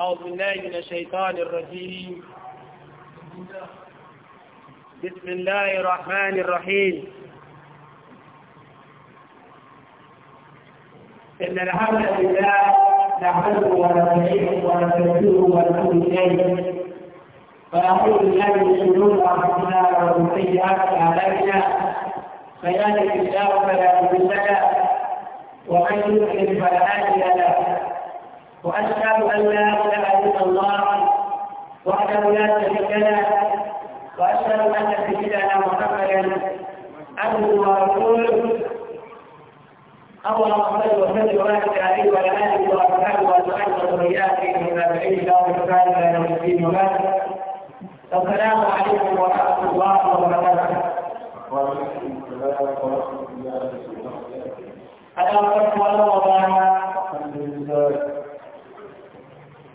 أعوذ بالله من الشيطان الرجيم بسم الله الرحمن الرحيم إن الحمد لله نحمده ونستعينه ونستغفره ونتوب إليه ونعوذ بالله من شرور أنفسنا ومن سيئات أعمالنا من يهده الله فلا مضل له ومن يضلل فلا هادي له وأشهد أن لا إله إلا الله وحده لا شريك له وأشهد أن سيدنا محمدا عبده ورسوله اللهم صل وسلم وبارك عليه وعلى آله وأصحابه وأزواجه وذرياته من بعيد لا الا يوم الدين وبارك السلام عليكم ورحمة الله وبركاته. وعليكم السلام ورحمة الله وبركاته. أنا أقول الله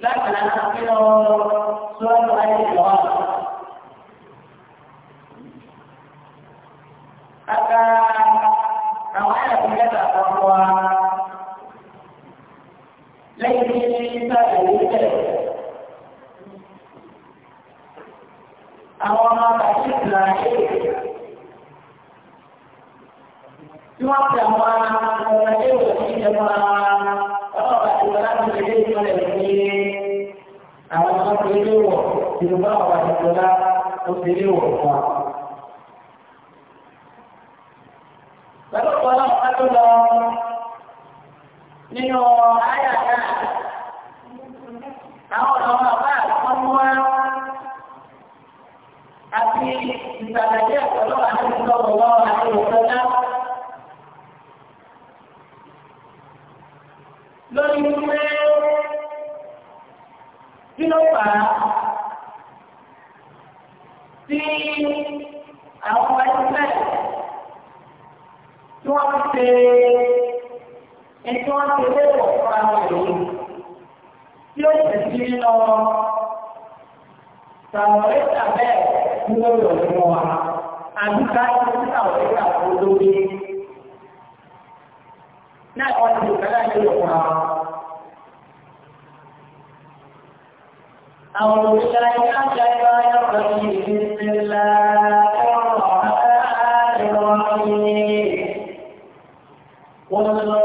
لكن أنا أقول سؤال غير الواضح Maka awalnya kita tak bahwa lagi kita dari itu. Awal mata kita ini cuma jaman mengajar di jaman orang orang menjadi menjadi àwọn tó ṣe ilé wọ̀ yorùbá àwọn àdìgbòlá tó ṣe ilé wọ̀ fún wa. lọ́dọ̀kọ́ náà ká tó lọ nínú àyà náà àwọn ọ̀nà ọmọ àbá àkọ́kọ́ mú wá àti ìgbàlódé ọ̀pọ̀lọpọ̀ àti ìgbàlódé ọ̀pọ̀lọpọ̀ àti ìgbàlódé. pé ẹjọ́ ti léwọ̀ fún ara rẹ̀ tí ó sì sí lọ sàmọ̀lẹ́sà bẹ́ẹ̀ ní lórí ọ̀dọ́ wa àbí ká ní sí sàmọ̀lẹ́sà tó lórí. Náà wọ́n ti bẹ̀rẹ̀ léwọ̀ fún ara. أعوذ بالله من الشيطان الرجيم بسم الله wọ́n lọ́nà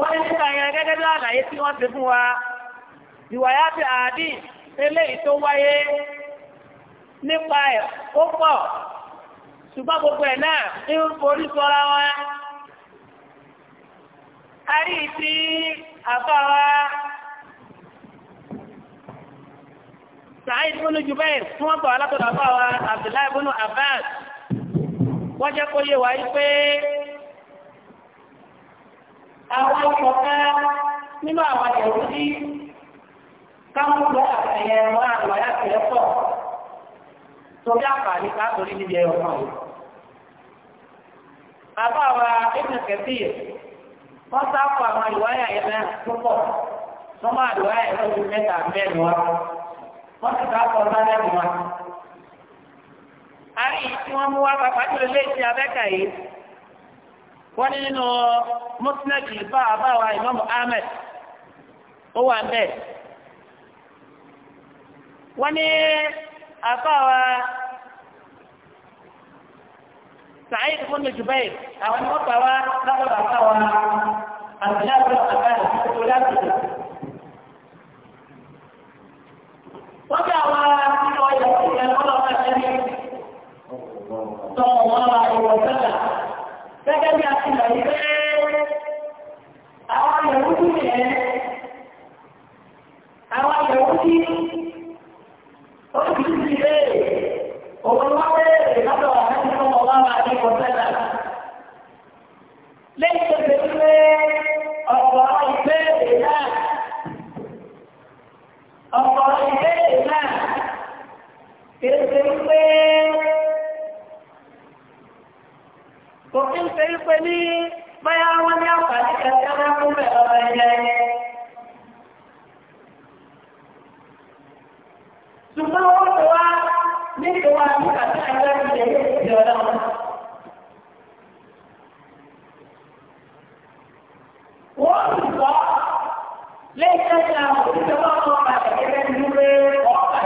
wọ́n ní nípa yẹn gẹ́gẹ́ bí àlàyé tí wọ́n ti fún wa ìwàyà ti àdì eléyìí tó wáyé nípa ẹ̀ ó pọ̀ ṣùgbọ́n gbogbo ẹ̀ náà ń forí sọra wa. a rí i tí àbá wa Sa'id ibn Jubair tí wọ́n gbà wá látọ̀dọ̀ àbá wa Abdullahi ibn Abbas wọ́n jẹ́ kó yé wa yí pé. àwọn ọ̀pọ̀ká nínú àwọn ẹ̀rù sí kámúlò àtẹ̀yẹ wọn àwọn ayáfẹ́ pọ̀ torí àǹfààní káàkiri níbi ẹ̀rọ kan yìí. Bàbá wa Ibn Kathir wọ́n sáfù àwọn ìwáyà yẹn púpọ̀ wọ́n máa mẹ́ta mẹ́rin wa wọ́n Àárín tí wọ́n mú wá abẹ́kà yìí. wọ́n ní nínú mọ́sílẹ̀kì bá àbáwá ahmed ó wà bẹ́ẹ̀ wọ́n ní àbáwá sàáyid fún mi jùbẹ́ àwọn ni wọ́n gbà wá àbíláàbọ̀ àbáyé tó láti lò. wọ́n gbà wá nínú ọjà ìṣẹ̀lẹ̀ ọlọ́pàá ṣẹlẹ̀ gẹ́gẹ́ bí a ti mọ̀ ní pé àwọn ìyẹ̀wò tí yẹn àwọn ìyẹ̀wò tí ó ti ti lé òun wá pé ìlọ́dọ̀ àti ọmọ wa máa ní kọ́sẹ́lá. lẹ́yìn tó ti pé ọ̀pọ̀ ìbéèrè náà ọ̀pọ̀ ìbéèrè náà kì ṣe pé. kò kí ń ṣe wípé ní báyá wọ́n ní àǹfààní kẹsẹ̀ ọmọ fún bẹ̀rẹ̀ ọmọ ẹ̀jẹ̀ ṣùgbọ́n wọ́n ti wá nítorí wa ní kàtà ẹgbẹ́ ìṣẹ́ ìṣẹ́ ọlọ́run wọ́n rẹ̀ nílé ọ̀pá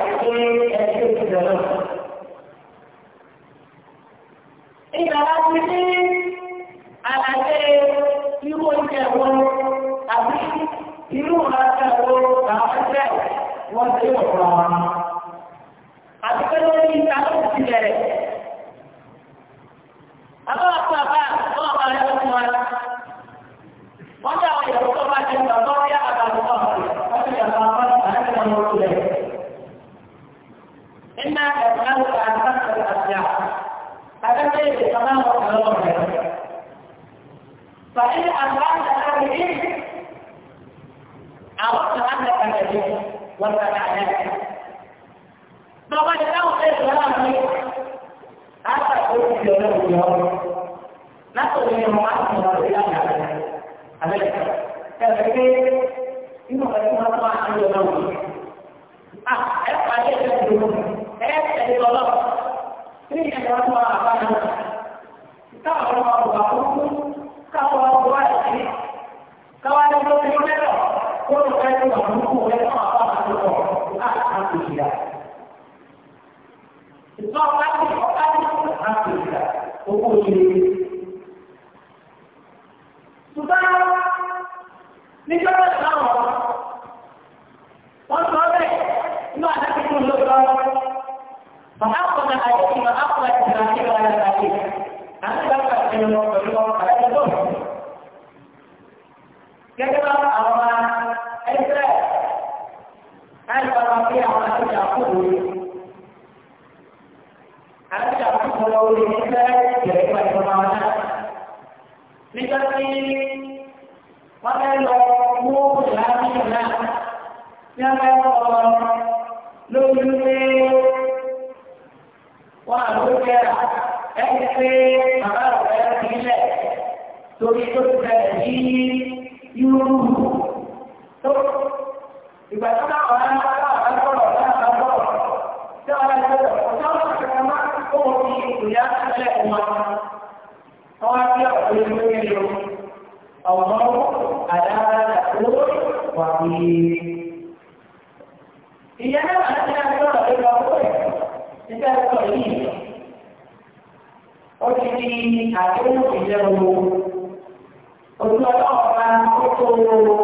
Ojú ọlọ́ọ̀pá tó tó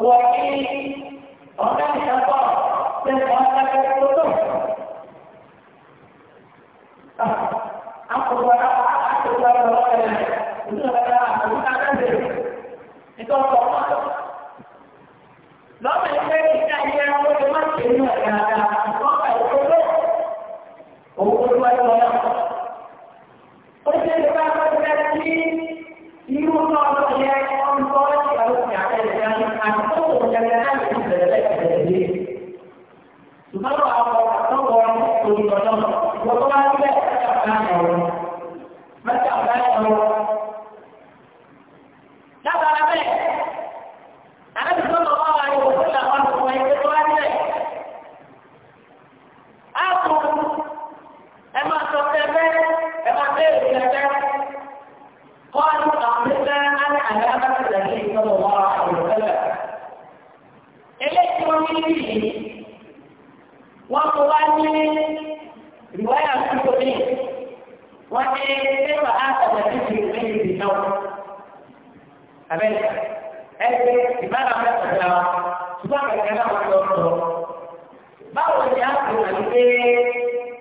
sebuah ini bahkan siapa dan bahkan terputus. Aku berapa? Aku berapa? Itu adalah bukan ada. Itu apa? báwo ni a kò wà ní pé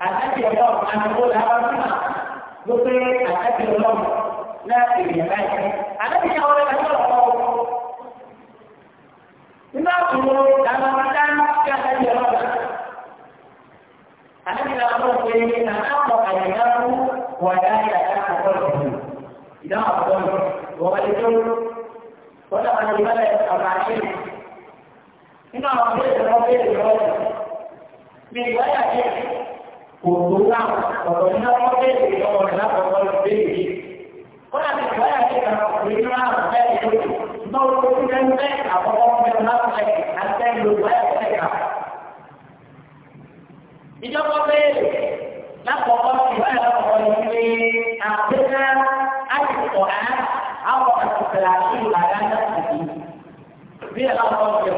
àtàkì ọlọ́run àtàkì ọlọ́run ló pé àtàkì ọlọ́run láti ìyẹn báyìí. Àtàkì ìyàwó rẹ̀ lọ́wọ́ lọ́wọ́. Nínú àkùrọ̀ làwọn ọ̀dá kí àtàkì ọlọ́run. Àtàkì ọlọ́run pé àtàkọ̀ àyẹ̀yàwó wà láyé àtàkì ọlọ́run. Ìdáhùn àbúrò wọ́n wá lé tó wọ́n dàgbà ní ìbálẹ̀ ọ̀gá àṣírí. Nínú àwọn ọ̀gbẹ́ bí wáyà díẹ̀ kò tó láwọn ọ̀rọ̀ ní ọmọ bẹ́ẹ̀ lè ọmọ rẹ̀ lápapọ̀ lọ bẹ́ẹ̀ yìí. kọ́nà bí wáyà díẹ̀ kan kò ní láwọn bẹ́ẹ̀ tó tó náà ó tó fẹ́ fẹ́ àkọ́kọ́ fẹ́ láwọn ẹ̀ àti ẹ̀ ló wáyà fẹ́ kà. ìjọba bẹ́ẹ̀ lápapọ̀ ìwáyà lọ́kọ̀ọ́ ni pé àgbẹ̀ká àtìkọ̀ á àwọn àtìkọ̀lá sí ìlànà àti bí ẹ̀ láwọn ọ̀gbẹ̀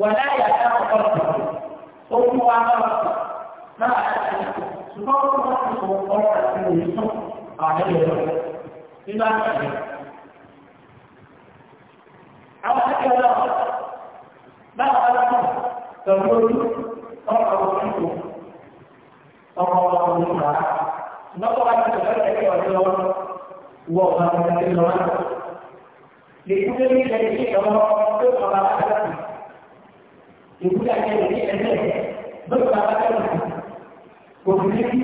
wàlá yàtá ọ̀pọ̀lọpọ̀ ohun wa lọ́pọ̀ náà àti ṣùgbọ́n ó wọ́n ti kò ọ̀rọ̀ àti òun sọ àwọn ẹ̀rọ nínú àtàlẹ́. Àwọn akẹ́kọ̀ọ́ náà báwa lọ́pọ̀ pẹ̀lú orí ọ̀rọ̀ òṣìṣẹ́ ọmọ ọmọ òṣìṣẹ́ lọ́pọ̀ wá ti sọ̀rọ̀ ẹ̀kẹ́ ọ̀dọ́ wọ ọ̀gá ọ̀gá ẹ̀kẹ́ lọ́wọ́. Lè kúndé ní ilẹ̀ ìṣèjọba tó kọ̀ ìwúlẹ̀ ayẹyẹ ní ẹ̀lẹ́ lọ́pọ̀ abájọ́ kò fi ní kí.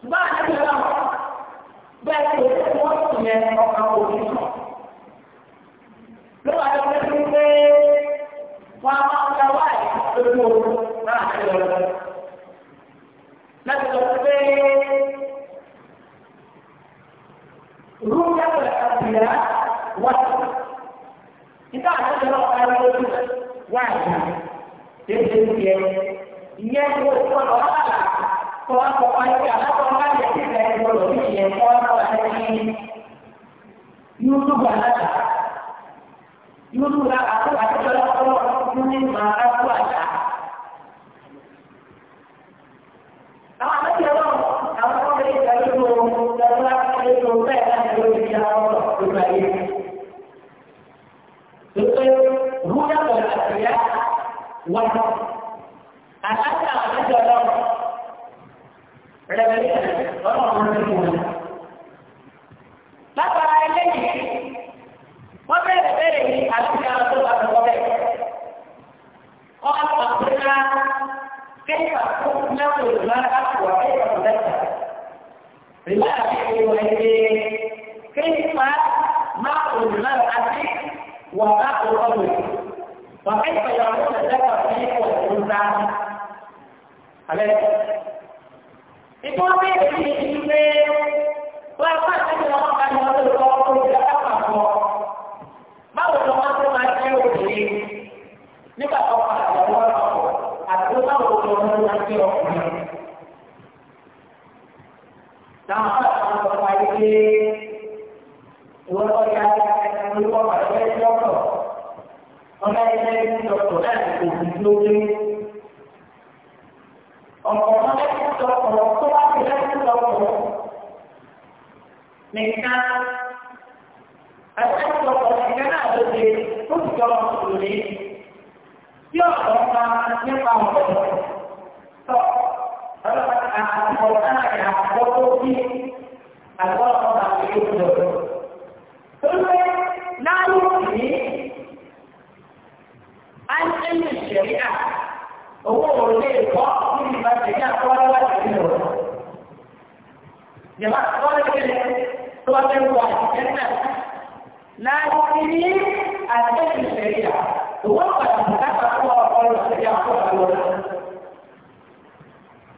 Ṣùgbọ́n àti ìlú náà bẹ́ẹ̀ ni òṣèlú wọn sì yẹ ọkàn òní sàn. Lọ́wọ́ àjọ pé kí pé wọ́n a máa ń gba wáyé lójú oorun náà ṣe lọ́wọ́. pé wá àyà tètè tiẹ̀ ìyẹn kó kọ́lọ̀ ọ̀làlà kó wá kọ́ wá sí àkọ́kọ́ wá yẹ kí ẹ̀ kọ́lọ̀ ní ìyẹn kó wá kọ́ wá sí yúdúbù àlàlà yúdúbù àkọ́kọ́ àti ọlọ́kọ́lọ́ ní màá kó àjà. Àbẹ́ ìtọ́jú èdè yìí ti pé jemaah sekolah kecil keluar keluar jangan nah ini ada yang berbeda dua pada bukan satu orang orang yang aku tahu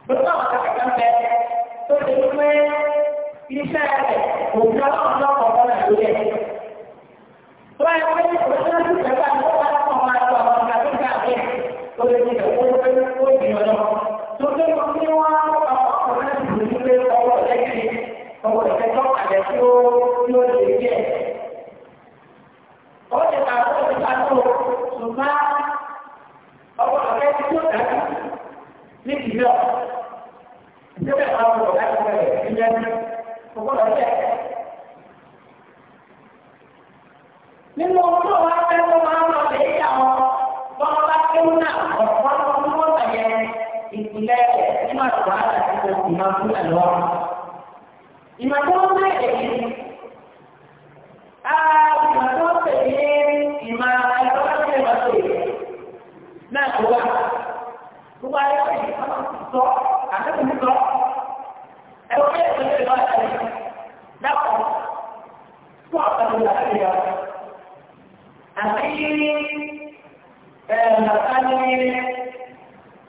betul tak kan ber tu dulu ini saya bukan orang orang yang dulu Tuan yang mulia, bukan itu jawapan. Bukan pemalas pemalas kata tidak. Kau tidak boleh boleh di mana. Tuan yang mulia, apa yang boleh kita lakukan? ọwọ́ ìfẹ́jọ́ kalẹ̀ tí ó tí ó lè jẹ́. Ọwọ́ ti ta ọwọ́ ti ta tó ṣùgbọ́n ọwọ́ ọ̀rẹ́ tí ó dájú ní ìlú. Ìjọba ìwà ọmọ ọ̀gá ti bẹ̀rẹ̀ ilé ẹni ọgbọ́n ọ̀jẹ́. Nínú ọjọ́ wa fẹ́ tó máa ń lọ lè yà wọn, wọ́n bá kéwù náà ọ̀pọ̀ ọmọ ọmọ ọ̀gá yẹn ìpìlẹ̀ nínú àgbà àti ìpìlẹ̀ ìmọ̀tọ́ tẹ̀lé ah, ìmọ̀tọ́ tẹ̀lé ìmọ̀ ẹ̀rọ tẹ̀lé ìmọ̀tọ́ yìí náà kó wá gbogbo ayé sọ àtẹ̀kùn sọ ẹ̀rọ tẹ̀lé ìmọ̀tọ́ yìí náà tẹ̀lé dàpọ̀ fún ọ̀tọ̀tọ̀ láti yọ àti ẹ̀rọ̀tà ní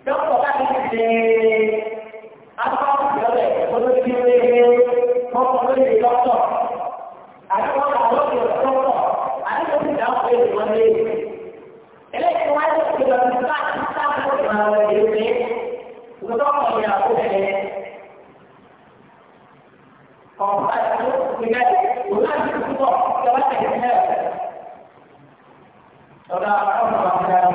dọ́kítọ̀ láti ṣe akọ́kọ́ ìjọba ẹ̀kọ́ tó ti rí rí. boleh dikotor. Ada orang Allah yang berkotor. Ada orang yang tidak boleh dikotor. Ini kemarin kita minta kita untuk mengalami diri ini. Untuk mengalami diri ini. Kompas itu tinggal di bulan di kutub. Kita akan dikotor. Saudara-saudara, saudara-saudara, saudara-saudara,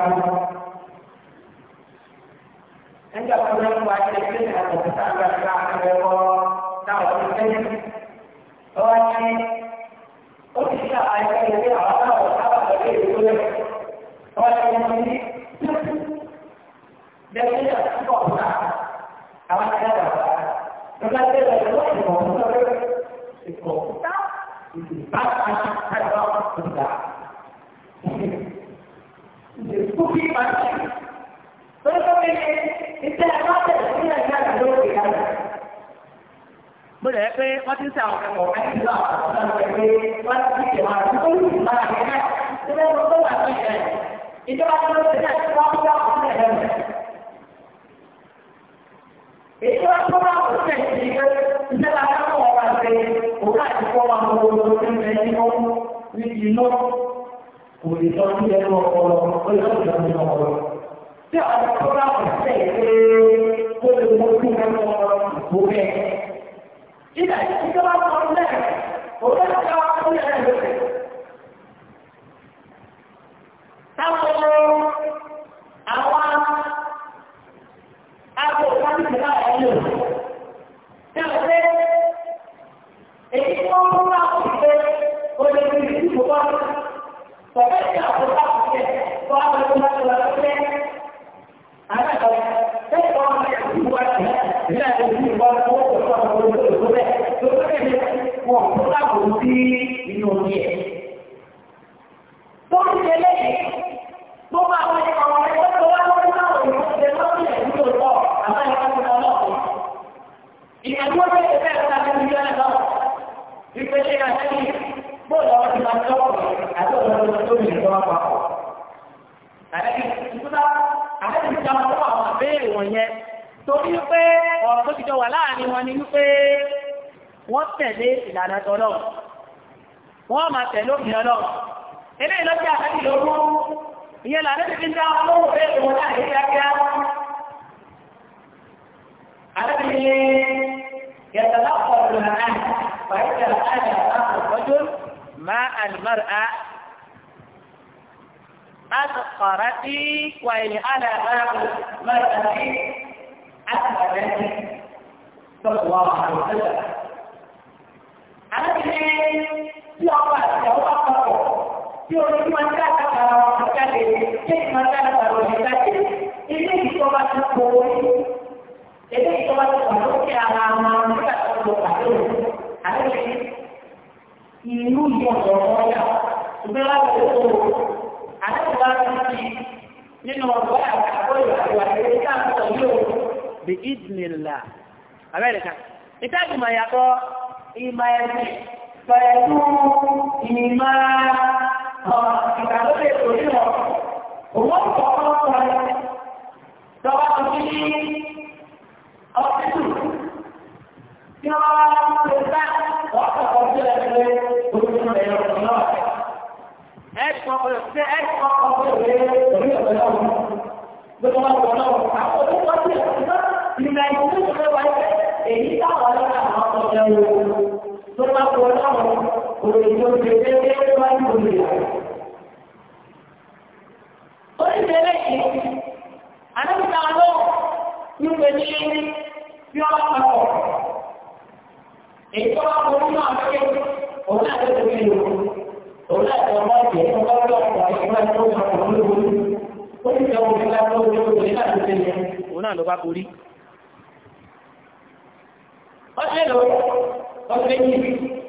saudara-saudara, saudara-saudara, saudara-saudara, saudara-saudara, jadi, bukti pasti. Tetapi ini bó dẹ̀ pé wọ́n ti ń sẹ́ àwọn akẹ́kọ̀ọ́ rẹ̀ nígbà wọ́n ti ṣe wà ní kó bá rẹ̀ náà tó bẹ́ẹ̀ ló tó wà ní ìṣẹ̀lẹ̀ ìjọba tó ń ṣe tó wọ́n wá òun rẹ̀ rẹ̀. èyí tó wá òun rẹ̀ sí pé iṣẹ́ bá yá wá ṣe òun àti kọ́ wa mọ owó tó ń bẹ nínú ní inú kò lè tọ́ sí ẹnu ọpọlọ ó lè tọ́ sí ẹnu ọpọlọ. tí إذا إذا قلنا ولا تعرفون أهله تقولوا أوان أبو كان لا أهله تقول إيه ما هو أهله ولا يجيب بقى فبدأ أبو كان فأبو كان لا أهله أنا قلت تقول أنا أبو كان لا أهله tó bẹ́ẹ̀ tó bẹ́ẹ̀ ni wọn kó láàbò sí inú omi ẹ̀. tó ti lélẹ̀ yìí tó máa wọ́n ní àwọn ẹgbẹ́ tó wá lórí náà wọ̀ ní ọ̀sẹ̀ lọ́sẹ̀ ní òótọ́ àbá ìwà tó lọ lọ́kọ̀. ìyàgbọ́ bẹ́ẹ̀ bẹ́ẹ̀ ká ló ń yọ ẹ̀ lọ. ìpèsè àtẹ́yìn bóòlù àwọn ti máa ń àti ọ̀dọ́ tó ń lọ papọ̀. àtẹ́yìn tó torí pé ọ̀rọ̀ tó ti jọ wà láàrin wọn ni wípé wọ́n tẹ̀lé ìlànà tọ́lọ́ wọ́n máa tẹ̀lé òmìnira lọ ilé ìlọ́jà àti ìlọ́rú ìyẹn lànà ti fi ń dá olówó pé òun náà ní kíákíá àlébìyẹ yẹtọ̀ lọ́pọ̀ lọ́nà náà pàrọ̀ àyà àpapọ̀ lọ́jọ́ máa àlùmọ́rọ̀ á أثقرتي وإن أنا باب مرأتي أثقلتي صلى الله عليه وسلم arábìnrin tí ọkọ àti ìyàwó bá papọ̀ tí olójú máa ń dá àkàkà ọ̀rọ̀ jáde kéèkì máa ń dá àkàkà ọ̀rọ̀ jáde ilé ìjọba ti kó orí ilé ìjọba ti kó lókè ara wọn nígbà tó ń lo pàtó arábìnrin ìlú ìyọ̀dọ̀ ọ̀yà ṣùgbọ́n láti owó arábìnrin wa ti fi nínú ọ̀gbọ́n àti àkọ́yọ̀ àti wàlúwẹ̀ ní káàkiri yóò. bí ìdìnnìlà abẹ́rẹ́ kan ìtajùmọ̀ yàtọ̀ ìmọ̀ ẹ̀sìn pẹ̀lú ìmọ̀ ìgbàlódé tó ní wọn. Òwò ń kọ́ ọ̀pọ̀ rẹ̀ lọ́wọ́ tó fi ní ọ́fíìsì tí wọ́n wá lè bá ọ̀pọ̀ sílẹ̀ pé olùkọ́ rẹ̀ lọ́wọ́ náà. Ẹ̀sùn ọ̀pọ̀ sí ẹ̀sùn ọ̀pọ̀ sí òwe orí ọ̀pẹ̀ náà. Gbogbo wọn kọ̀ náà, àwọn olùkọ́ sí ẹ̀sùn náà. nígbà ló bá borí. قتلوا والبنين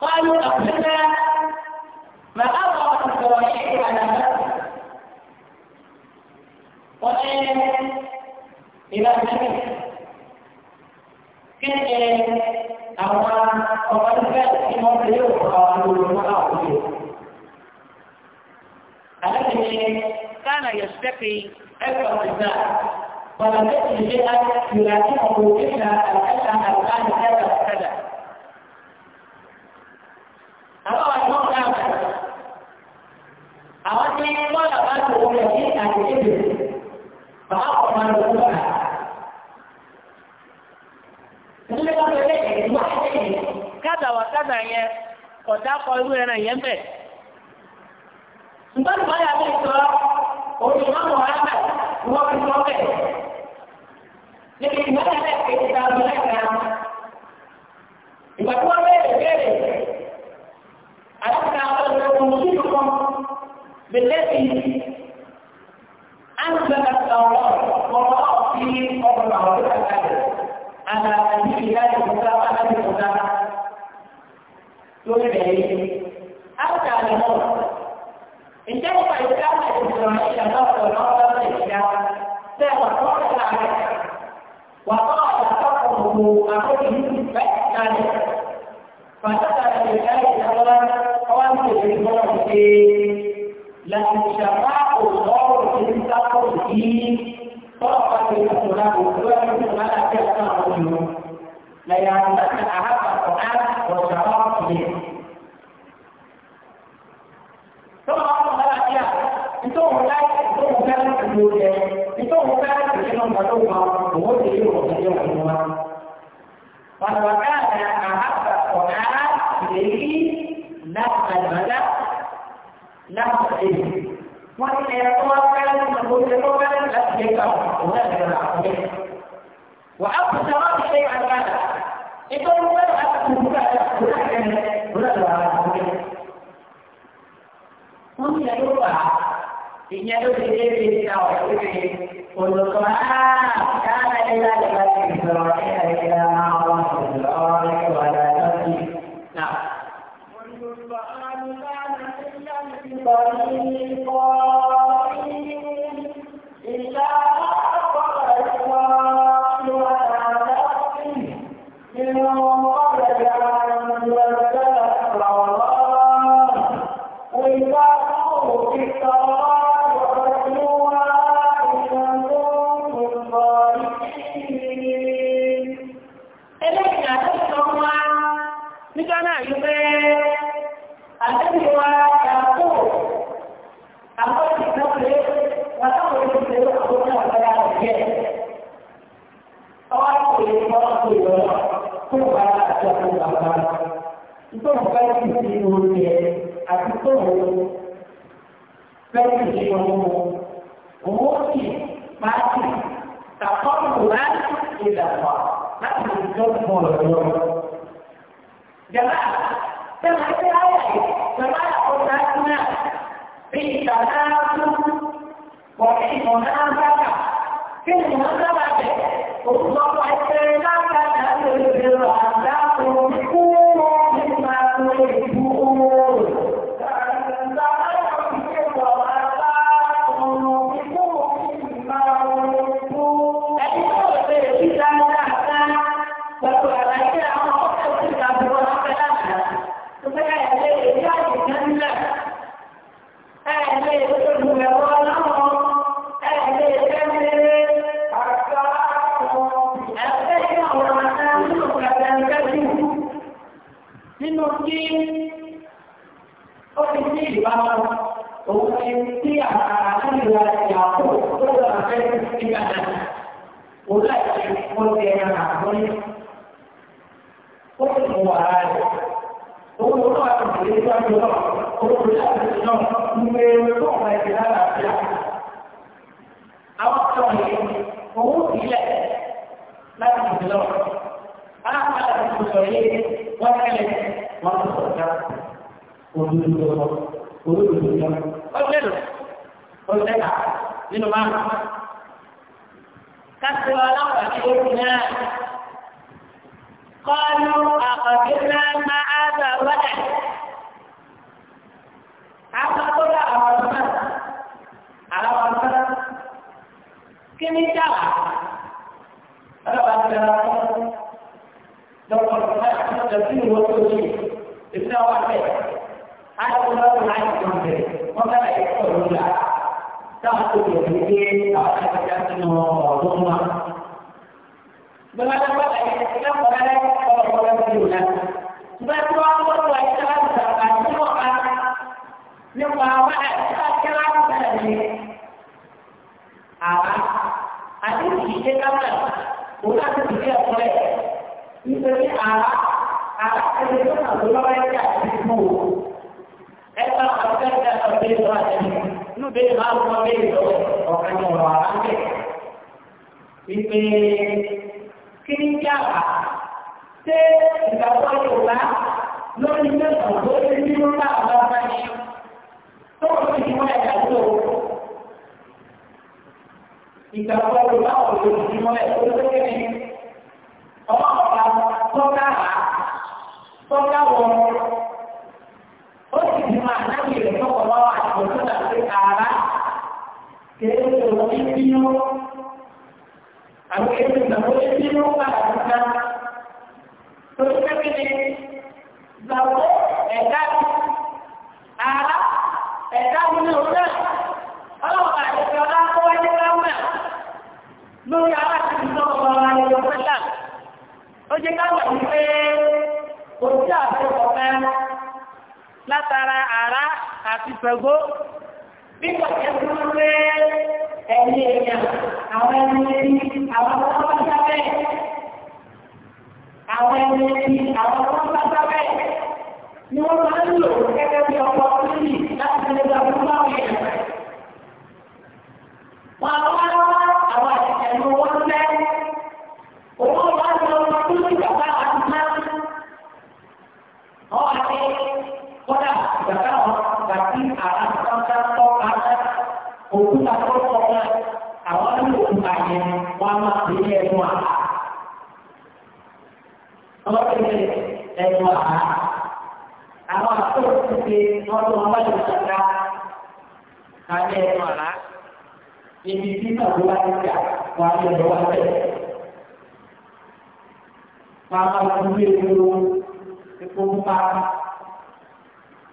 قالوا أخذنا ما أغرق الزواجين على مكة وآن إلى مكة كان أعوان وقد فات في مصر وقالوا المعاصرين الذي كان يشتكي أكثر الناس ولم يكن شيئا يلازمه الا الحسن الان كذا وكذا أما الإمام أحمد أوتي طلبة أولئك الإبل فأقوم الركوع Kádà wà kádà yẹn, ọ̀dà kọ irú ẹran yẹn bẹ̀. Ṣùgbọ́n ìbáyà mi sọ, òun ìmọ̀ wá dua kesoleh. Jadi mana yang kita belajar? Ibu tua beri. Adakah anda memutuskan beli anda atau mengopi orang lain? Anda tidak juga anda juga. Jadi, apa yang anda إن كان قد كان الإسلام إلى نظر نظر الإسلام سيتطلع عليه وقال تقره أخيه فأسأل فسأل لله أولا قال في المرء لأن شفاء الله في تقره طرقت الأسلام ومن ملك ما لا يعلمن أحد القرآن وشرائعه ثم ìtọ́wọ̀n bá ìtọ́wọ̀n bá ìlú jẹ ìtọ́wọ̀n bá ìṣẹ́nà ìgbàdọ́ wa òwò tí yóò wọ̀ sí ọ̀rọ̀ wa. Wàlúwàká àná àhàbà ọ̀nà ìlérí náà àlùmọ́lá náà èyí. Wọ́n ti ẹ̀rọ tó wá bá ní ìgbàgbọ́ jẹ tó bá ní láti jẹ ká òun ẹ̀rọ rà fún mi. Wà á kú sọ wọ́n ti ṣe àgbàdà. Ìtọ́wọ́n bá àtàkùn Wọ́n ti ẹ̀rọ bàá ìyẹn ló ti dé ibi ìta ọ̀rọ̀ pípé olùkọ́ ah, káàkiri ẹ̀dá ìgbà tí ìsọ̀rọ̀ ẹ̀yà ìgbà máa wà pẹ̀lú ọ̀rọ̀ ẹ̀kọ́ àdájọ́ sí. Náà. Olùkọ́ àlùkò àlùkò berdasar itu bukan kesimpulannya atau itu bukan kesimpulannya mesti pasti tak pernah tidak pernah tak pernah boleh jangan jangan terlalu jangan orangnya tidak tahu boleh mengapa kerana apa? Untuk apa kita nak dalam وعاد وقل الله عز وجل يسأل الله وقل الله عز وجل من يوضع ما يجهل أبدا أوقعه وهو إلى لا تجد له أعمل في الصحيح وكلم وتصدق وجود الله وجود الله وغيره وغيره منه ما كسر الله عليه قالوا أقبلنا معاذ ولد أقبل أرمان أرمان كم يجعل أرمان لو قلت تفسير وتوجيه ابن واحد أنا أقول لك عن الكونتين وما يقول لا تأخذ يدين أو تتكلم ضمن بما لا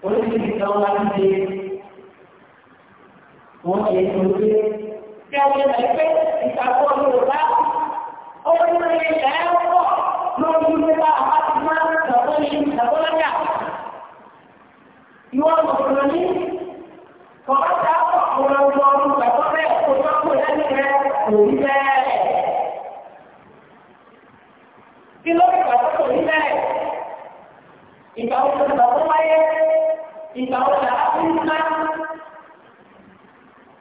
Oleh itu kita ulangi di Oleh itu kita ulangi di Yang ini kita ulangi di Oleh itu kita ulangi di Oleh itu kita ulangi di Oleh itu kita ulangi di Oleh itu kita ulangi Kau tak tahu orang-orang tak boleh, kau tak boleh ni kan? Kau ni kan? Kau ni kan? Kau ni kan? Kau ni kan? ìgbà wo là á fún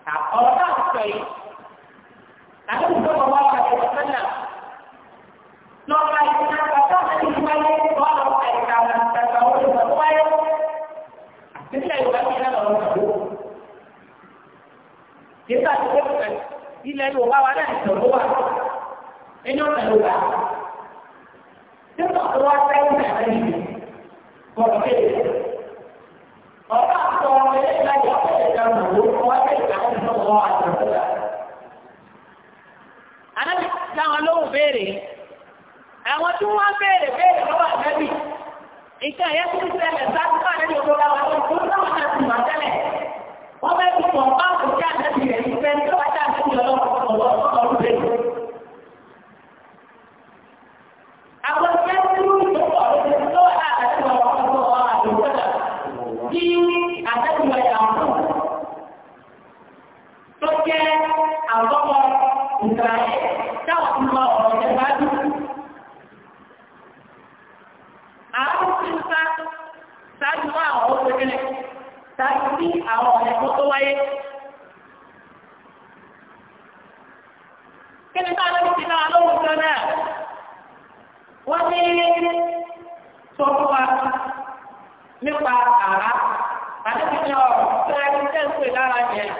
ká ọ̀rọ̀ náà sọ yìí àdúgbò tó kọ̀ wá wà lẹ́yìn ọ̀sán náà lọ́ọ̀ka ìgbà tó ń bá ìgbà yẹn wọ́n lọ ka ìgbà wọn tàbí àwọn olùkọ́ tó wáyé nígbà ìgbà tó yẹn lọ́wọ́ ìgbà yìí ká tó kọ̀ ilẹ̀ ló wá wá láti sọ̀rọ̀ wá ẹni ọ̀sán ló wá nígbà tó wá sẹ́yìn náà lẹ́yìn bọ̀dọ̀ kéde. Ọba àtọ̀ ọmọ ilé ìdájọ́ ọ̀pẹ̀ ìdáhùn ló wá bẹ̀rẹ̀ láti sọ̀rọ̀ àtàkùnlá. Àdábì táwọn lóhùn béèrè. Àwọn tí wọ́n béèrè béèrè lọ́wọ́ àdábì. Ìkà ẹ̀yẹ́ tó ń ṣẹlẹ̀ sáájú bá àdábì ọgbọ́n láwọn tó ń sáwọn àti màtẹ́lẹ̀. Wọ́n bẹ́ẹ̀ fi kọ̀ọ̀pá òkú àwọn ọ̀nà ẹ̀kọ́ tó wáyé. kí ni táwọn ẹbí ti náà lóhùn tó náà wọ́n ní sọ fún wa nípa àrá àti ìpínlẹ̀ ọ̀rọ̀ tó yẹ kí tẹ́ ń pè lára yẹn.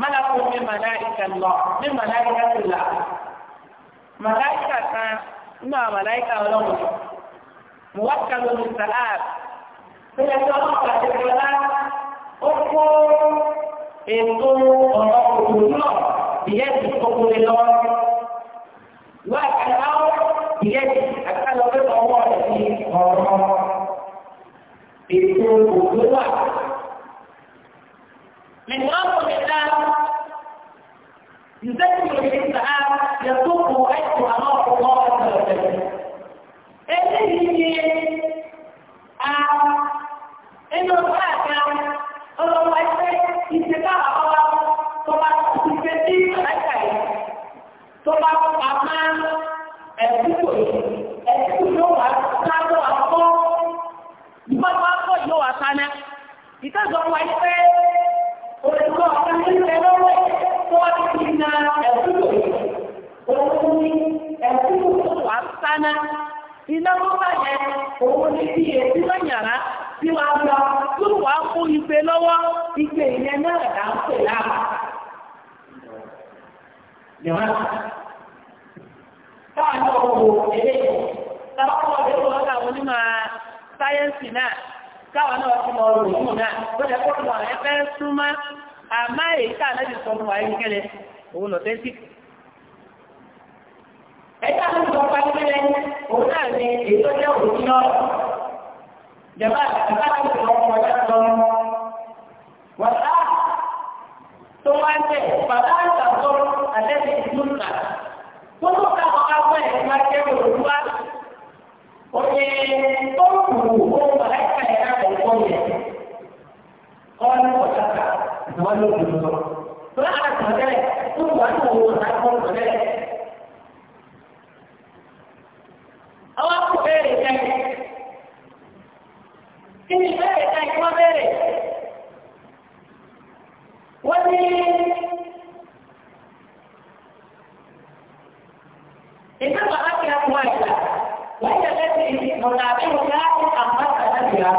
Mọ́lákù mi màláìkà lọ mi màláìkà tó là. Màláìkà kan nínú àwọn màláìkà ọlọ́run. Mùwákàlù mi sàlá. Ó yẹ ọlọ́run pàṣẹ kọlá ètò ọ̀rọ̀ òkú náà ìyẹn ti kókó lé lọ́wọ́. òun ni bí èsì wọ́n yàrá tí wàá lọ tó wàá fún ife lọ́wọ́ ife ìyẹn náà là ń pè láàbà. Yàrá táà ní ọ̀pọ̀ èdè táwọn ọmọ ọdẹ wọn káwọn onímọ̀ sáyẹ́ǹsì náà káwọn náà ti mọ ọrùn òun náà ó yẹ kó lọ ẹ súnmọ́ àmọ́ èyí tá àlejò sọ fún wa yín kẹ́lẹ́ òun lọ́tẹ́ntì. Ẹ̀ka ló ń sọ fún wa yín òun ni ètò jẹ́ tó ti lọ kọjá lọ. Wọ́n wà ní òun àtàkọ́ àwọn kò béèrè jẹ́ kí ni béèrè jẹ́ kí wọ́n béèrè wọ́n ní ìjọba láti ra fún àìsà wọ́n yẹ lẹ́sìn ìmọ̀nà àbẹ̀wò láti àmọ́ta láti ra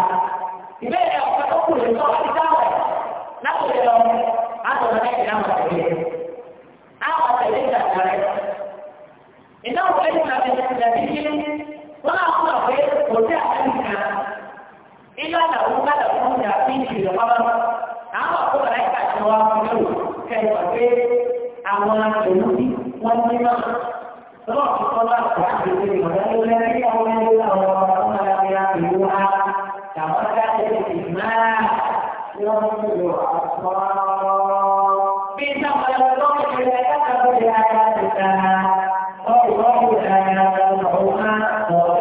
ìbéèrè ọ̀pọ̀ tó kù lè sọ wọ́n ti dáwọ̀ láti lè lọ àtọ̀rọ̀ láti ra wọn tẹ̀lé àwọn tẹ̀lé ìjà rẹ̀ ìdáwọ̀ lẹ́yìn àbẹ̀wò kò sí àdáyé kan ilé àdàwọ̀ gbàdà fún ìyá sí ìṣẹ̀lẹ̀ pàmò àwọn àkókò láì kàṣẹ wa fún yóò kẹwà pé àwọn olùdí wọn ní náà lọ́wọ́ ti kọ́ bá wà á ti ṣe ìmọ̀lẹ́ lórí àwọn ẹgbẹ́ àwọn ọmọ ẹgbẹ́ ìlú wa tàwọn dáadé ti máa ní wọ́n ń lò àpọ̀. bí sáwọn ẹgbẹ́ tó ń ṣe ẹgbẹ́ kan tó ṣe ara ti ta ọ̀rọ̀ ọ̀rọ̀ ẹ̀rọ ọ̀hún á sọ̀rọ̀.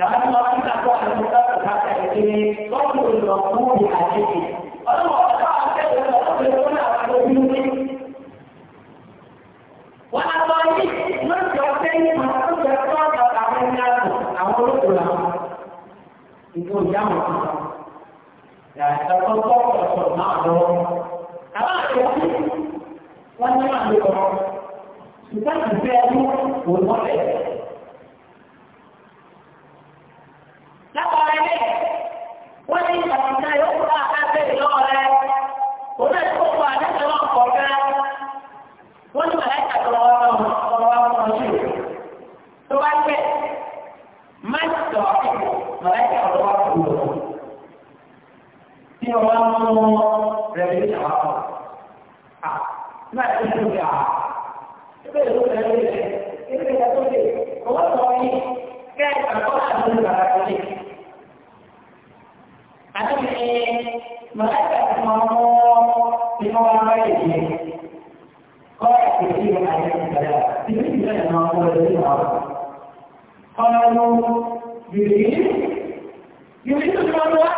Jangan mahu kita buat sebutan kata ya, ini, kau tidak boleh dihati. Kalau apa apa kita boleh guna atau bini. Walau ini, mencapai ini satu jatuh kata mereka, awal tulang itu yang mana? Ya, satu kau satu malu. Apa lagi? Wanita itu, kita berjaya untuk lápára ilé rẹ̀ kò náà tó ní wàlá ìtàkùrọ̀ ọ̀rọ̀ wa kọ̀ ọ́jú rẹ̀ ní ìjàmbá rẹ̀ lè rẹ̀ ọwọ́ sọ yìí. kan terpaksa berubah kali. Ada ini mereka mau di mana lagi? Kau pergi ke mana saja? Di mana saja mau pergi ke mana? Kalau diri, diri itu semua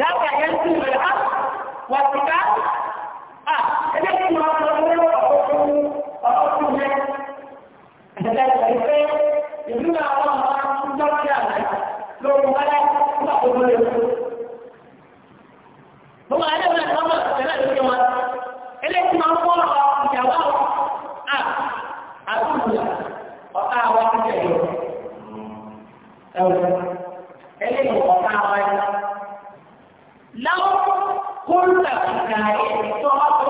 zat yang sudah wasita. Ah, jadi mau pergi ke mana? Apa tujuan? Jadi saya lórí ẹ̀kọ́. Gbogbo adé wọn ẹ̀ka ọmọ ìṣẹ̀lẹ̀ lórí wọn. Eléyìí máa ń kọ́ ọ̀rọ̀ ìjàmbá wọn. À àtúntò ọ̀tá wa ti tẹ̀lé o. Ẹ̀wọ̀n eléyìí ọ̀tá wa yẹn. Láwọn kólú àkùnkà yẹn tó wá tó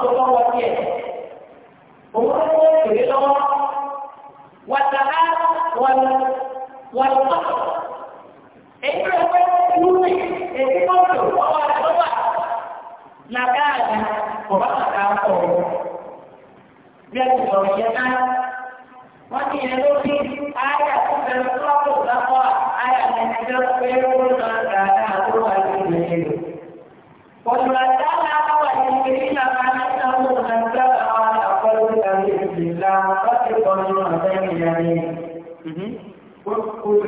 tó ọ̀pọ̀ wal wal qaf itu apa itu itu mau bawa bawa maka bawa kau dia tu kita mati nanti ada dalam kelompok ada yang ada perlu kita tahu lagi ni itu Thank you. واذكر من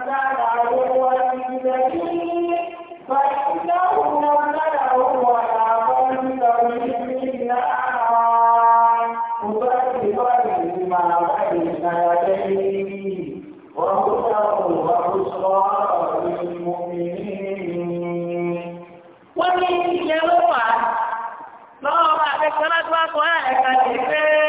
كان عدوا للنبي فإنه نزله على قلبه بإذن الله مصدقا لما بين يديه وهدى وبشرى للمؤمنين ومن يوم الله بعد كلمة وقوة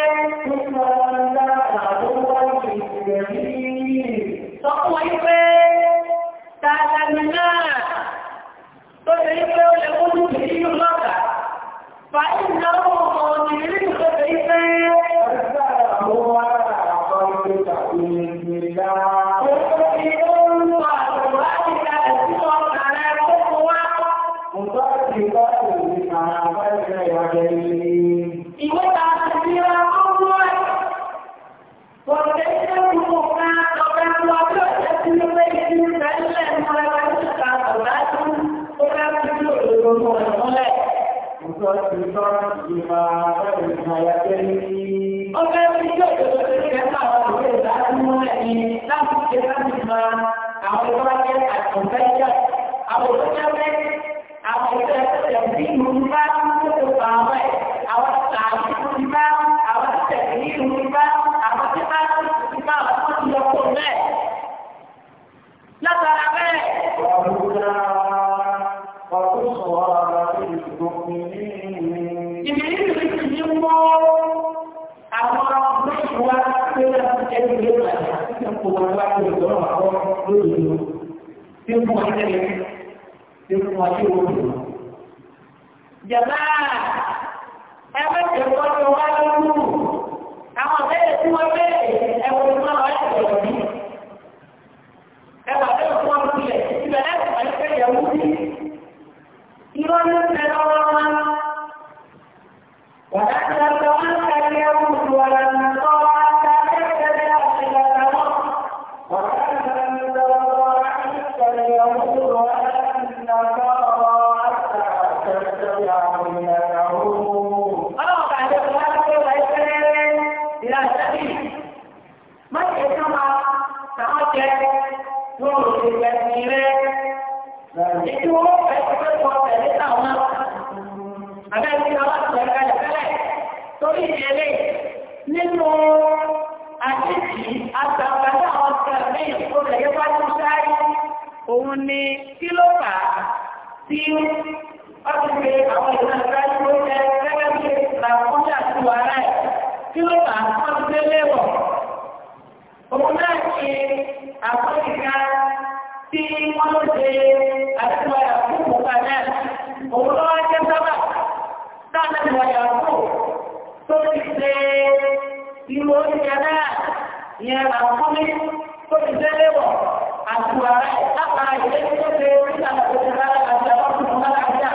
ìyẹn àwọn kọ́mí tó ti jẹ́ léwọ̀ àti wàrà lápára ìdílé tí ó ṣe orí ìlànà tó ti rárá àti àwọn tó ti rárá àjà.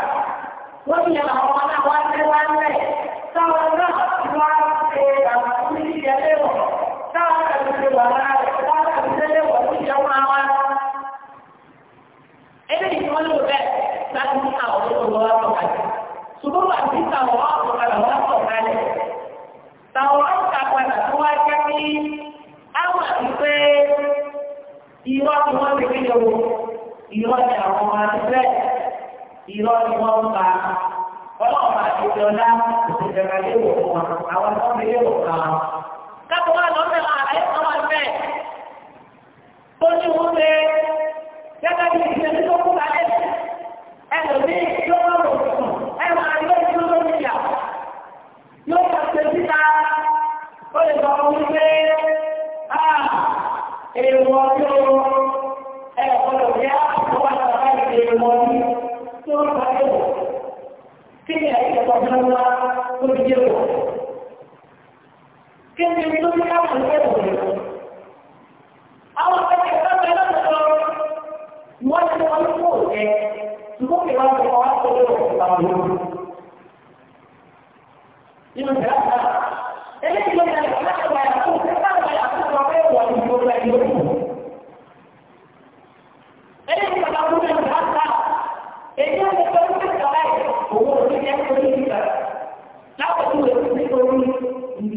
Wọ́n ti yẹ àwọn ọmọ náà wá sí wá ń lẹ̀. Táwọn náà ti wá ṣe àwọn tó ti jẹ́ léwọ̀. Táwọn náà ti ṣe wàrà rẹ̀ táwọn náà ti jẹ́ léwọ̀ tó ti jẹ́ wọn wá. Eléyìí ni wípé irọ́ ni wọ́n ti kéde wo irọ́ ni àwọn ọmọ àtúbẹ̀ irọ́ ni wọ́n ń pa ọlọ́run bá ti jọ dá òṣèjọba léwò fún wa àwọn tó ń fi léwò fún wa. káàpọ̀ wà lọ́sẹ̀ máa rẹ̀ ẹ̀ wọ́n fẹ́ tó ní wọ́n fẹ́ gẹ́gẹ́ bí ìṣẹ̀lẹ̀ tó kú kalẹ̀ ẹ̀ lòdì tó wọ́n lò fún ẹ̀ máa yọ ìṣúná lórí ìyàwó yóò kọ̀ ṣe síta ó lè sọ fún mi pé. Ini adalah, ini adalah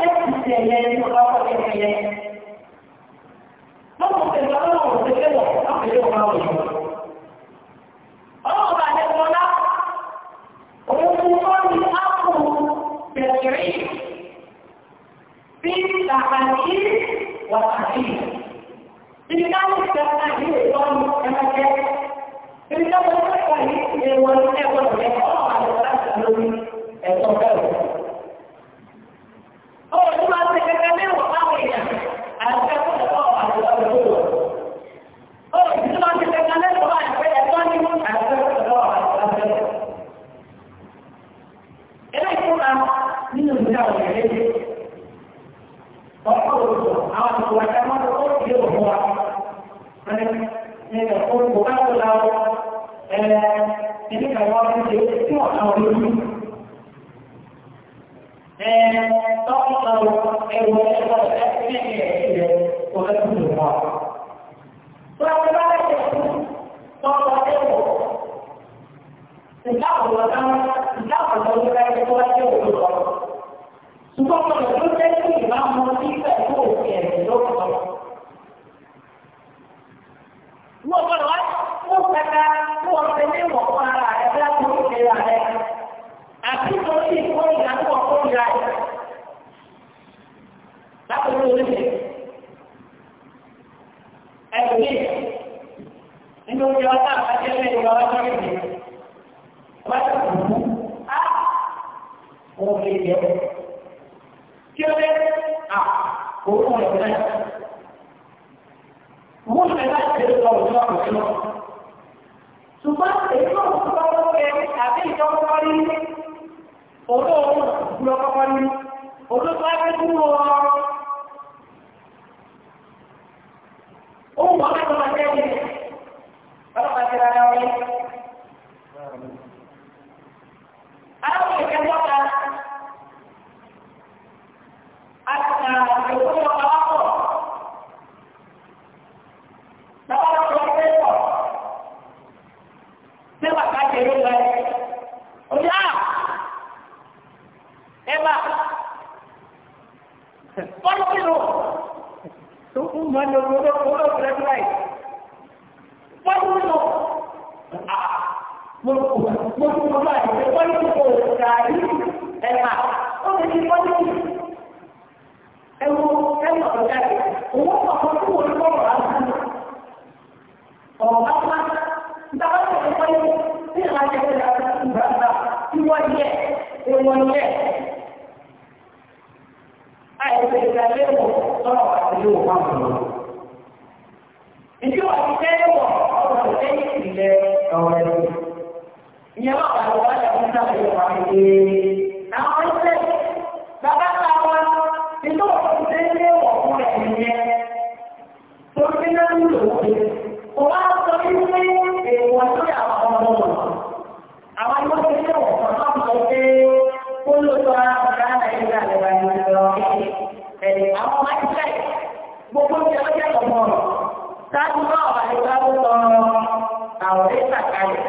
No, que no, ¿no? no, no. mọ́ ní ogun olóògùn olóògùn rẹ̀ àti ìgbàgbà tí wọ́n lọ. ọ̀rẹ́ ìyẹn wà pàtó wájà fún sáà àwòrán ìtàkàlẹ̀.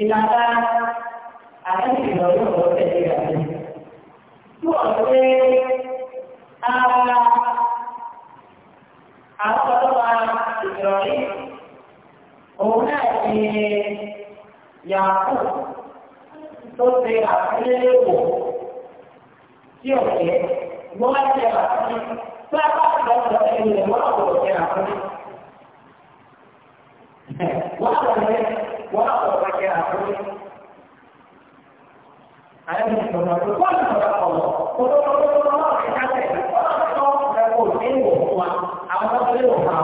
ìlànà àtẹ̀sílẹ̀ olóòtú tẹ̀lé ìrìnàjò. Tí wọ́n pé àwọn ọlọ́wà ìrọ̀lẹ́ òun náà ti yàgò tó ṣe àfẹ́lẹ́wò tí ò jẹ́ wọ́n ṣe àfẹ́lẹ́ tó a bá ti lọ́sọ̀rọ̀ ẹ̀yìn rẹ̀ wọ́n á wọ̀ ṣe wọ́n á sọ̀rọ̀ kẹ́ àkórí. Àyẹ̀ mi sọ̀rọ̀ ẹ̀kọ́ ní ìwò fún wa àwọn tó lé wò fún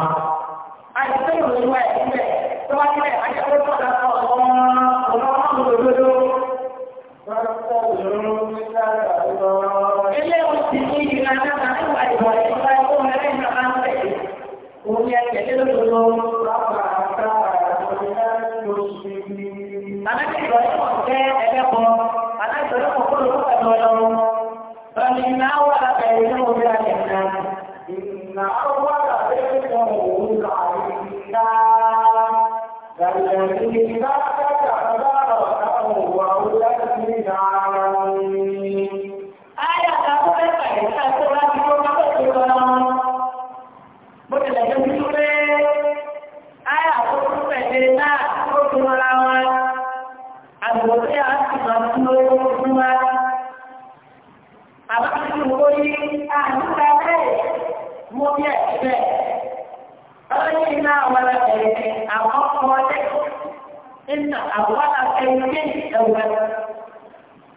الأول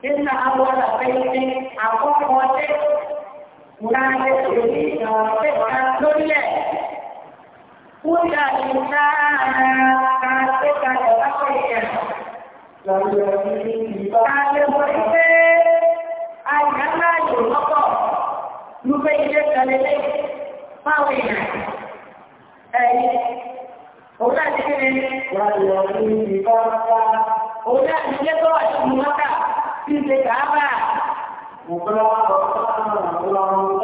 إن أول بيت أقوم به هناك يريد فكرة لله قل الإنسان كافكة بقية قال قلت أينما يلقى نبيتك لديه طويلا أي هناك يريد òun náà ti jẹ́ tọ́wà sí mọ́tà sí ìṣe kàábà. Mo fẹ́ wá lọ sí ọ̀sán lọ́wọ́.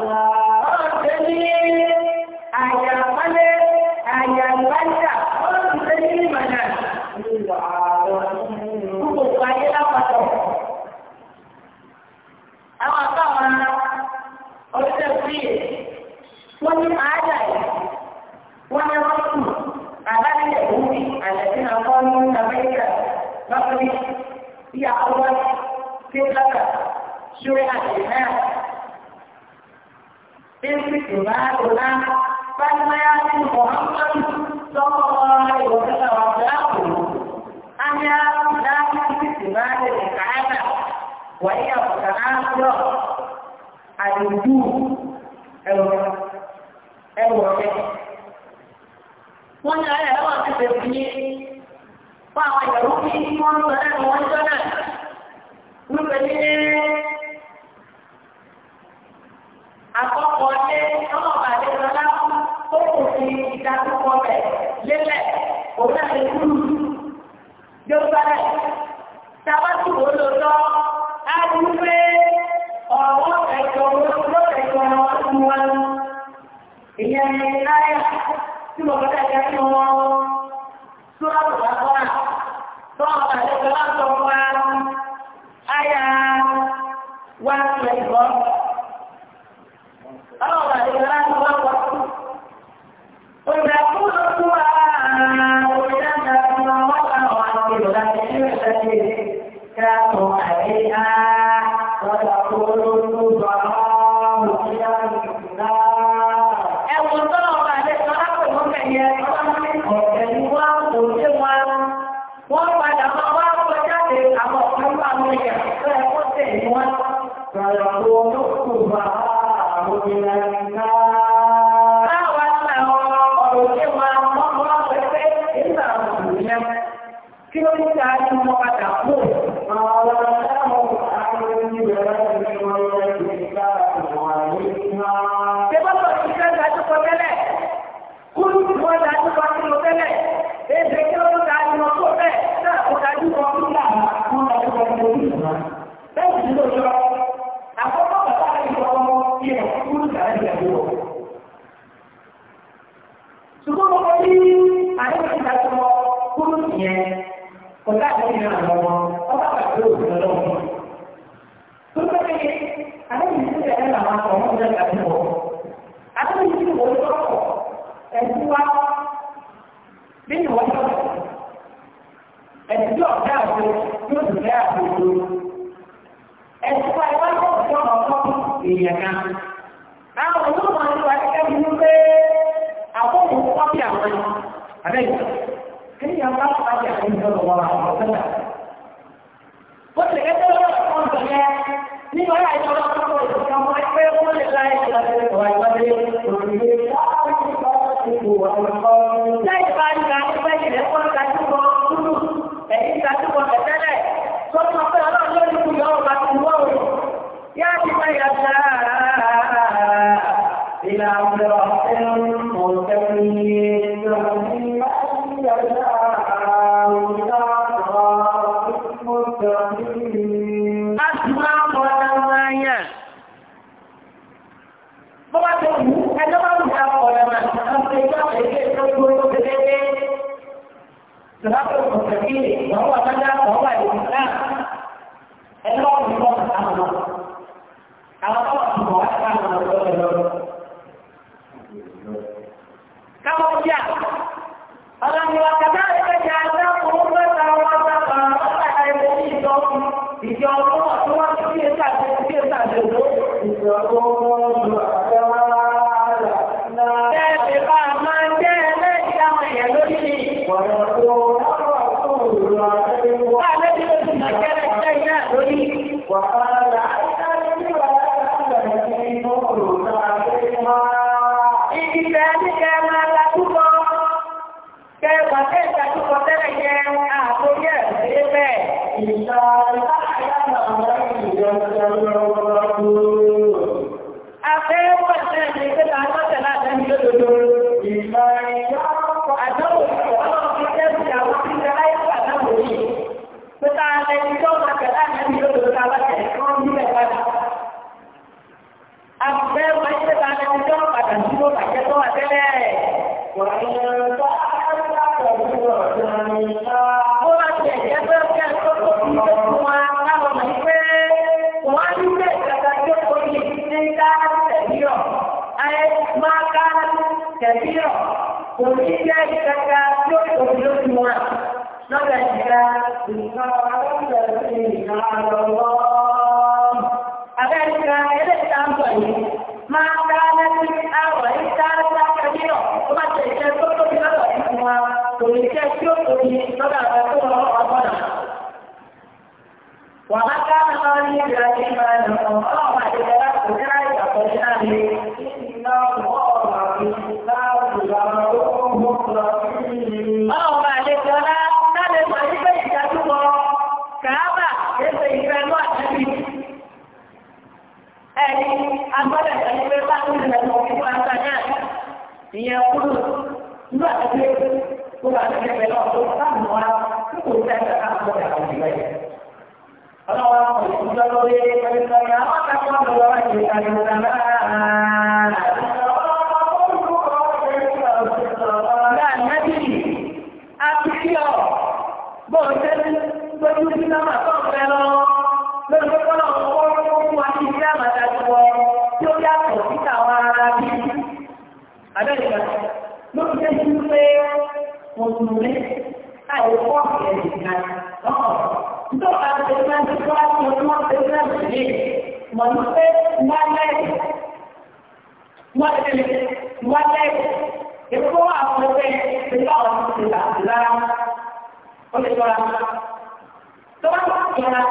دماؤنا فلما يأتي محمد صلى الله عليه وسلم أخلاقه أن يرى ذلك في دماء الإقعادة وهي متناقضة الوجوه that ní jẹ́ ìkẹta tí ó kò ní lóṣù wa lọ́dọ̀ ìjìká ìjìká náà ní ìgbà làm tôi gì có có ìyẹn kúrò nígbà tó dé kó bá tẹ̀lé pẹ̀lú ọ̀tún láti mọ́ ara tó kò tẹ̀ ẹ̀ ká mọ́ ẹ̀ àwọn ìgbà yẹn. ọlọ́wọ́ àwọn ìfúnjọ́ lórí ẹgbẹ́ sọ́yà wọ́n ká abẹ́rẹ́ta ló fi jẹ́ sí pé mùsùlùmí àìkọ́ ẹ̀sìn kan ọ̀hún. Nítorí àwọn ọ̀sẹ̀ máa ń ti wá sí ọdún ọ̀sẹ̀ náà lè mọ̀ ní pé wá lẹ́yìn. Wọ́n ti lè wá lẹ́yìn. Èkó àwọn ọ̀sẹ̀ ti bá wọn ti là lára. Ó lè tọ́ra. Tọ́wọ́ ti tọ́ra,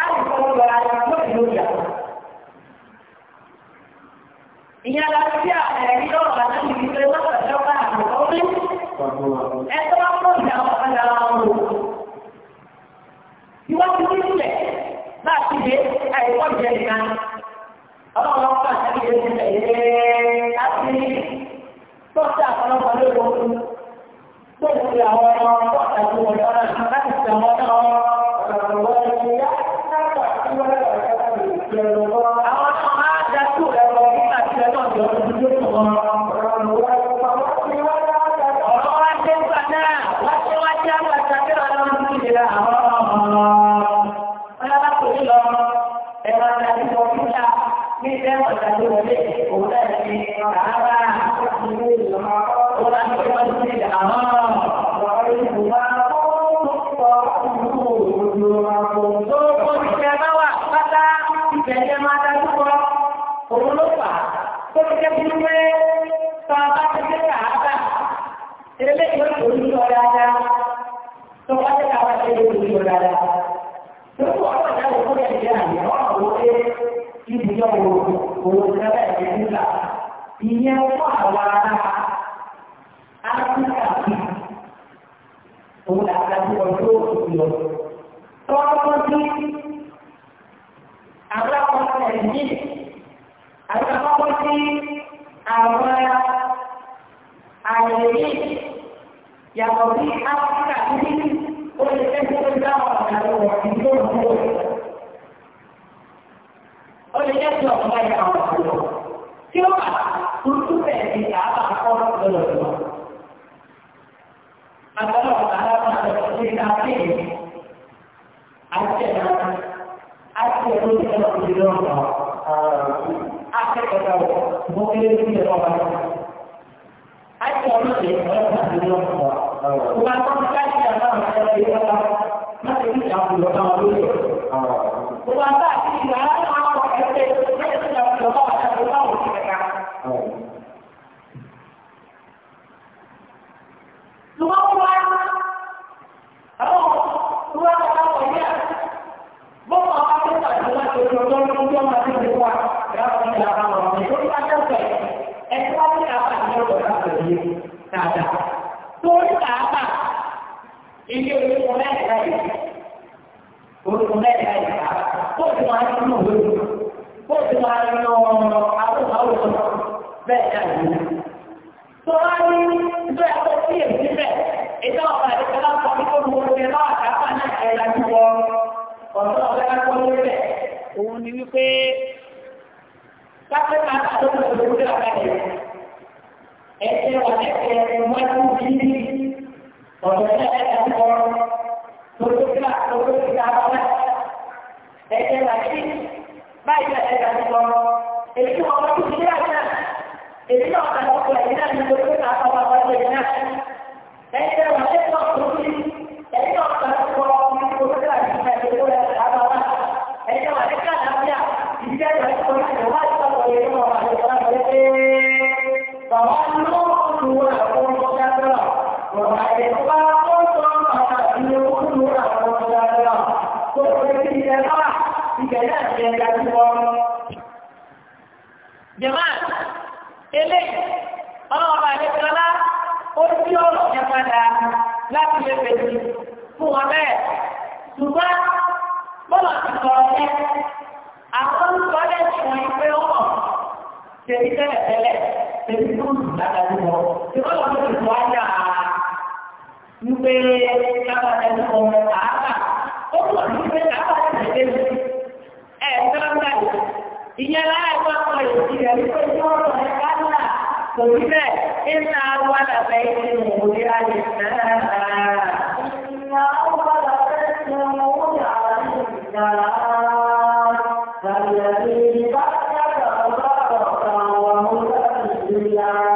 á lè tọ́ra lọ́ra lọ́sẹ̀ lórí àwọn ìyẹn la àti ìdílé lọ́sọ̀tọ́ àti ìdílé ti tẹ̀lé láti tọ́sí àkọlọ́kọ̀ tó ń fi àwọn ọmọ ọkọ̀ àti ìwọ̀n lọ́rọ̀ láti tẹ̀wọ́n náà. Kita akan berjumpa lagi. Terima kasih. الذي بعثك الله وهدى للعالمين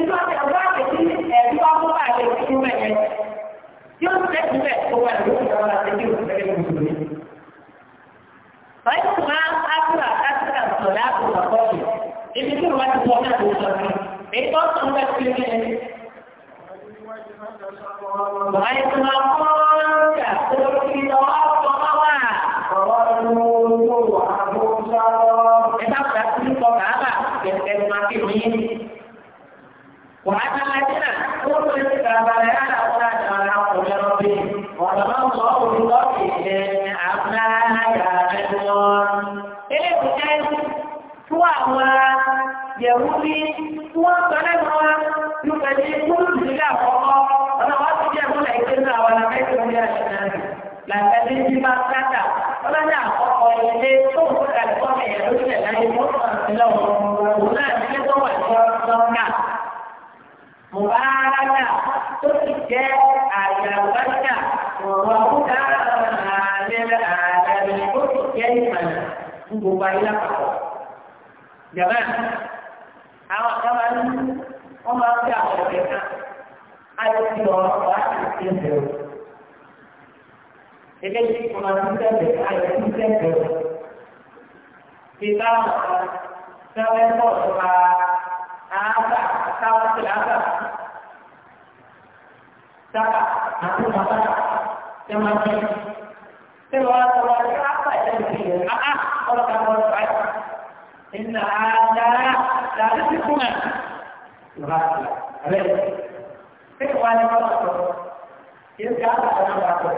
ìjọ ti ọ̀gá àgbẹ̀ tí ẹ̀rí wá fún bá àgbẹ̀ tí wọ́n yẹ. Yóò tẹ̀ síbẹ̀ tó wà ní ìjọba àti kí òun fẹ́rẹ̀ mùsùlùmí. Báyìí tó máa ń ákúrà ákúrà sọ̀ láàbò àkọ́kì. Ibi tí wọ́n ti sọ náà ló sọ sí. Èyí tó sọ wẹ́ sí ilé ẹni. Báyìí tó máa kọ́ ọ́nà tó fi lọ́wọ́ fọ́ wá. Ọ̀rọ̀ ló ń lò wà á bó sọ́ọ́. Ẹ bá kọ́ وعن الذين كفروا الكتاب لا يعلمون كما يقول ربهم وكما الله بقولهم عما يعملون إيه بجد تو àwọn Yẹ̀wúrí tí wọ́n sọ lẹ́nu wa ló pẹ̀lú kúrú ìdílé àkọ́kọ́ ọ̀nà wá sí jẹ́ múlẹ̀ ìgbé náà wà lábẹ́ ìgbé ọjọ́ ìṣẹ̀lẹ̀ làbẹ́lẹ́ bí bá kátà ọlọ́dẹ àkọ́kọ́ ilé tó ń kó kalẹ̀ fọ́ọ̀mù ẹ̀yẹ lórílẹ̀ láyé mọ́tò àti lọ́wọ́ òun náà nílé tó wà ní ọ̀rọ̀ náà. مباركة Ìgbà wọn kan, bọ̀ sọ́ra àáfà atau tidak dapat atau dapat semakin keluar keluar apa yang dipilih ah, apa ah. kalau kamu lihat ini adalah dari hubungan berarti real keluar keluar itu siapa yang berlaku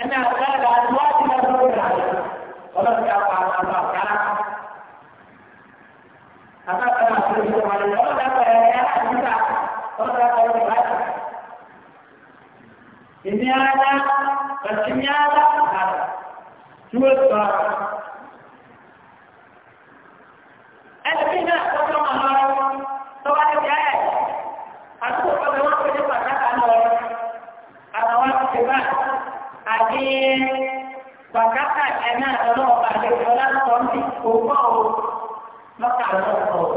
ini adalah dari dua tiga bulan kalau siapa yang berlaku Duniada, perdunyada, juta. Elpina, kau mahal, kau ada jaya. Aku pada waktu itu pada kamu, ada waktu juga, ada bakaran enak, ada orang ada orang konti, kumpul, maka ada tawar.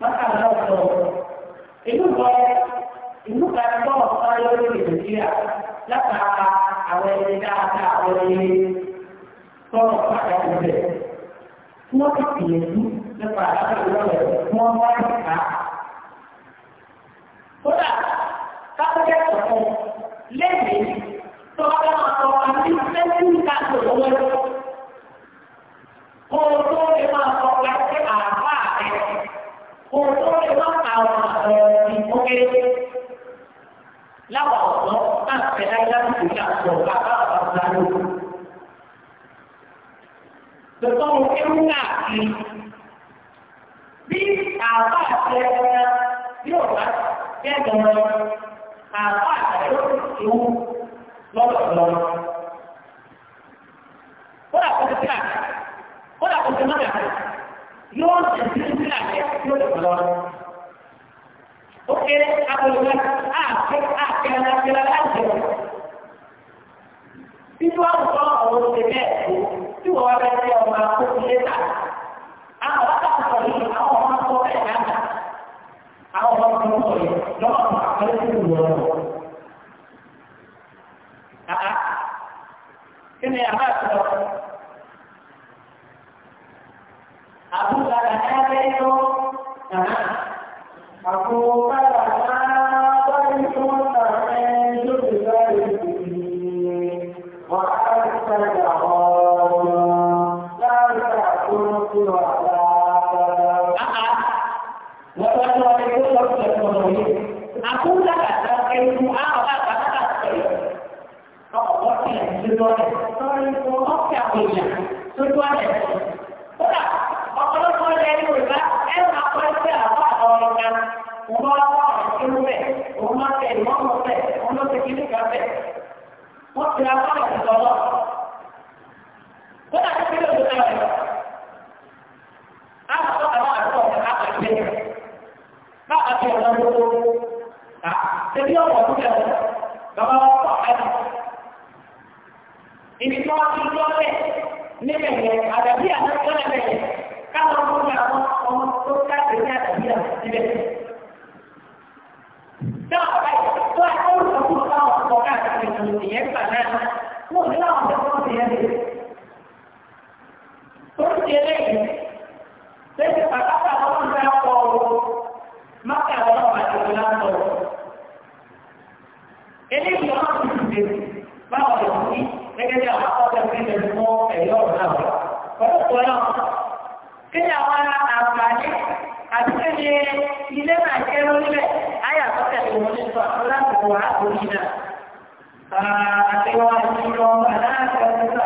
Maka ada tawar. Ibu bapa, ibu bapa bapa yang berjaya, lepas awal kita awal ini, bapa yang berjaya. Semua kita itu lepas ada orang semua orang kita. Kita tak boleh tahu lebih. Tolonglah orang ini sendiri tak boleh. kó o tó lè máa sọ pé pé àbá rẹ kó o tó lè máa ta ọ̀nà ọ̀rọ̀ ìmúké láwọn ọ̀dọ́ náà fẹ́ láyé láti fi ṣe àtọ̀ bàbá àbáta lóko. Lọ́tọ́ mo kéwú náà kí bí àbá àti ẹ̀rọ yóò bá kẹ́gbọ̀n àbá àti ẹ̀rọ ìwú lọ́dọ̀ọ̀lọ́. Ó kódà kò sí má dà rẹ̀ yóò tẹ̀sí sílẹ̀ rẹ̀ yóò lè lọ. ó kéré abọ́lé àfẹ́ àfẹ́lá fẹ́lá láti rẹ̀. títí wàá sọ ọ̀rọ̀ òṣèlú bẹ́ẹ̀ tí wọ́n wá bẹ́ẹ̀ tẹ ọmọ akókò lẹ́tà. àwọn wákàtí sọ̀rọ̀ yìí àwọn ọmọ akọ bẹ́ẹ̀ náà àwọn ọmọ akọ sọ̀rọ̀ yìí lọ́wọ́ àwọn akọ́lẹ́ tó wù ọ́ Kí ni àbá àtúntò? 阿不干了，哎呦，啊！阿不干了，哎，到底怎么搞的？就是说，你，我还不知道哦。大家不要说他，啊啊！我说说，你说说，你说说，阿不干了，这 A P A，我咋干的？哎呦，哦，我天，你说的，你说的，我天，我天，你说的，真的。ọmọ ilẹ̀ Yorùbá ẹ máa kọ́ sí àbá àwọn ọ̀gá wọn bá wà nínú bẹ̀ wọn máa tẹ̀ wọ́n mọ̀ bẹ̀ wọn ló ti kíní kan bẹ̀ wọ́n ti ra fún àtijọ́ lọ. wọ́n àti kílò tó tẹ̀lé lọ. a sọ àwọn àtọ̀ ọ̀gá àti ẹ̀ bá a ibi tí wọ́n ti lọ́lẹ̀ níbẹ̀ yẹn àdàbí àná 干了，我们讲，我们我们干谁干谁的，对不对？干了，对，都是我们自己干，我们自己干，自己挣的，也是干的，我们自己干，自己挣的。都是现在，现在把那个工资拿到手，拿到手，拿到手，肯定有好几倍，蛮好的。那个叫啥？那个叫什么？那个叫啥？反正我也不知道，反正我也不知道。kíni àwọn àǹfààní àti kíni ilé náà jẹ́ lórílẹ̀ ayé àtọ́kẹ́ tó wọlé sọ láti wà á kò yìí náà. àti wọn